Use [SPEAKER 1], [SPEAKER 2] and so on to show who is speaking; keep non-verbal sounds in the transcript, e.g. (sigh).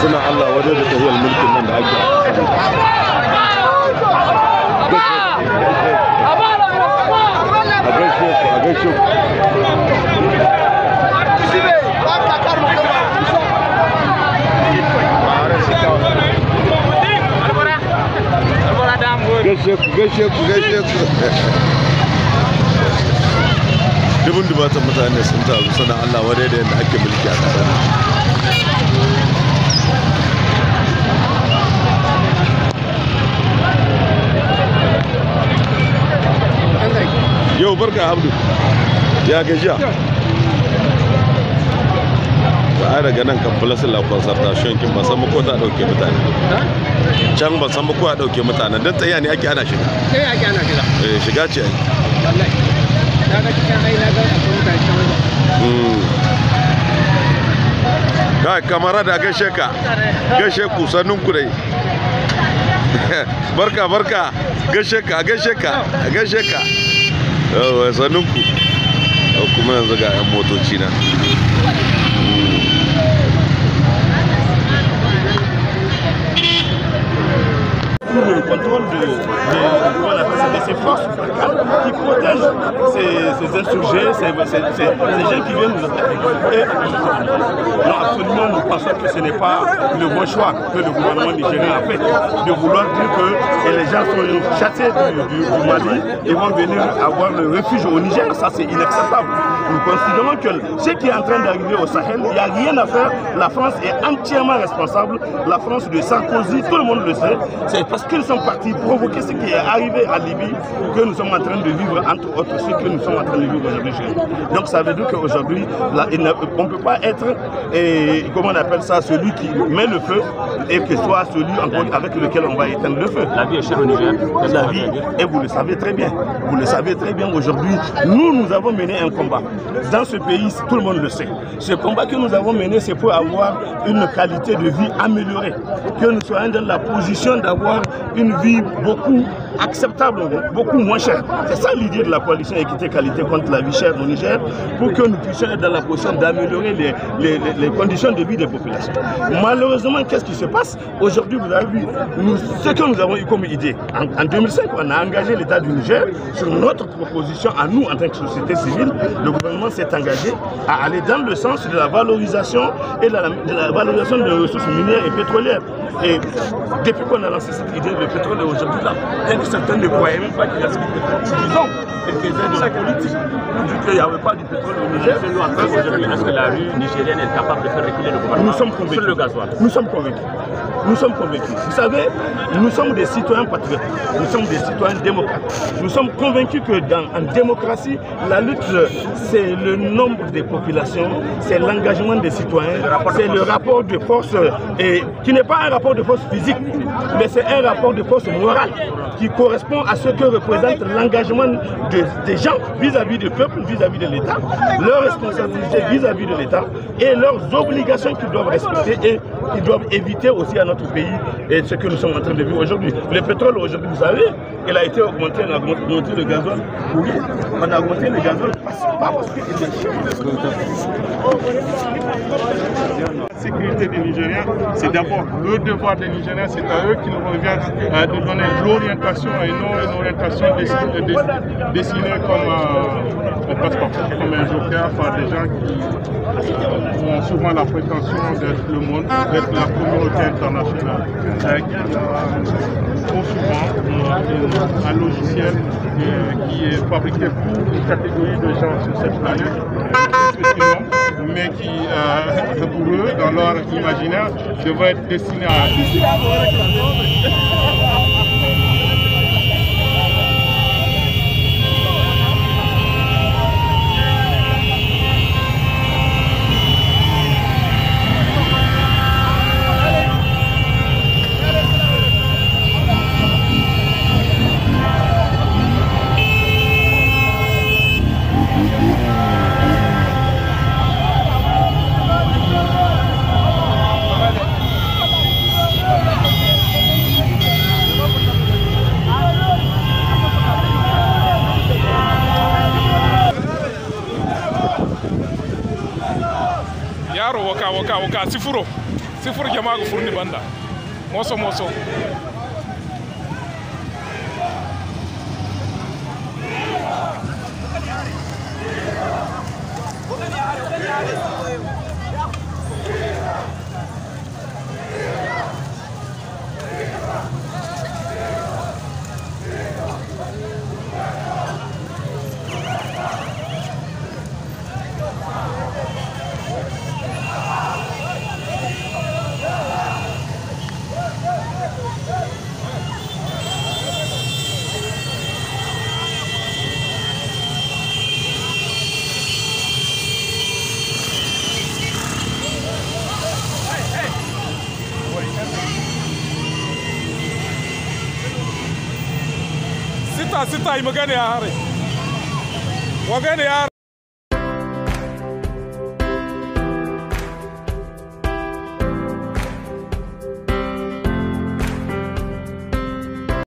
[SPEAKER 1] suna Allah wajen da tahiyar mulkin nan da ake a gaishe ku a ku ku dubin dubatan mutane sun taru sana Allah wadai da yadda ake mulki a ƙasar yau barka abdu ya gajiya ba a daga nan kan la concertation kin ba san ko ta dauke mutane can ba san ko a dauke mutane don tsaya ne ake ana shiga sai ake ana shiga eh shiga ce ai wallahi na ga cikin ai na ga mutane can hmm. ka kamara da gashe ka gashe ku sanin ku dai (laughs) barka barka gashe ka gashe ka gashe ka yawon saninku kuma yanzu ga 'yan motoci na hmm.
[SPEAKER 2] ces forces forces qui protègent ces, insurgés, ces,
[SPEAKER 1] gens qui viennent
[SPEAKER 2] nous attaquer. non, absolument, nous pensons que ce n'est pas le bon choix que le gouvernement nigérien a fait de vouloir dire que les gens sont chassés du, Mali et vont venir avoir le refuge au Niger. Ça, c'est inacceptable. Nous considérons que ce qui est en train d'arriver au Sahel, il n'y a rien à faire. La France est entièrement responsable. La France de Sarkozy, tout le monde le sait. C'est parce qu'ils sont partis provoquer ce qui est arrivé à Libye que nous sommes en train de vivre, entre autres ceux que nous sommes en train de vivre aujourd'hui Donc ça veut dire qu'aujourd'hui, on ne peut pas être, comment on appelle ça, celui qui met le feu et que soit celui avec lequel on va éteindre le feu. La vie est chère au Niger. et vous le savez très bien, vous le savez très bien aujourd'hui, nous, nous avons mené un combat. Dans ce pays, tout le monde le sait. Ce combat que nous avons mené, c'est pour avoir une qualité de vie améliorée. Que nous soyons dans la position d'avoir une vie beaucoup acceptable, beaucoup moins cher. C'est ça l'idée de la coalition équité qualité contre la vie chère au Niger, pour que nous puissions être dans la position d'améliorer les, les, conditions de vie des populations. Malheureusement, qu'est-ce qui se passe Aujourd'hui, vous avez vu nous, ce que nous avons eu comme idée. En, 2005, on a engagé l'État du Niger sur notre proposition à nous, en tant que société civile. Le gouvernement s'est engagé à aller dans le sens de la valorisation et de la, de la valorisation des ressources minières et pétrolières. Et depuis qu'on a lancé cette idée, le pétrole est aujourd'hui là. Et certains ne croyaient même pas qu'il y a ce pétrole. Disons, Donc, de la politique qu'il n'y avait pas de pétrole au Niger. Est-ce que la rue nigérienne est capable de faire reculer le gouvernement nous sommes convaincus. sur le gasoil Nous sommes convaincus. Nous sommes convaincus. Vous savez, nous sommes des citoyens patriotes. Nous sommes des citoyens démocrates. Nous sommes convaincus que dans, en démocratie, la lutte, c'est le nombre des populations, c'est l'engagement des citoyens, c'est le rapport de force euh, et, qui n'est pas un rapport rapport de force physique, mais c'est un rapport de force morale qui correspond à ce que représente l'engagement des gens vis-à-vis du peuple, vis-à-vis de l'État, leur responsabilité vis-à-vis de l'État et leurs obligations qu'ils doivent respecter et qu'ils doivent éviter aussi à notre pays et ce que nous sommes en train de vivre aujourd'hui. Le pétrole aujourd'hui, vous savez, il a été augmenté, on a augmenté le gazon, Oui, on a augmenté le gazon. parce sécurité du c'est d'abord le devoir des Nigériens, c'est à eux qui revient euh, de donner l'orientation et non une orientation euh, dessinée, comme un euh, passeport, comme un joker par des gens qui ont souvent la prétention d'être le monde, d'être la communauté internationale, qui trop souvent un logiciel qui est fabriqué pour une catégorie de gens sur cette planète mais qui, euh, (laughs) pour eux, dans leur imaginaire, devraient être destinés à... yaro waka waka waka sifuro sifuro jama'a ga furni banda moso moso Yeah.
[SPEAKER 1] sita sita yi magana ya hare magana ya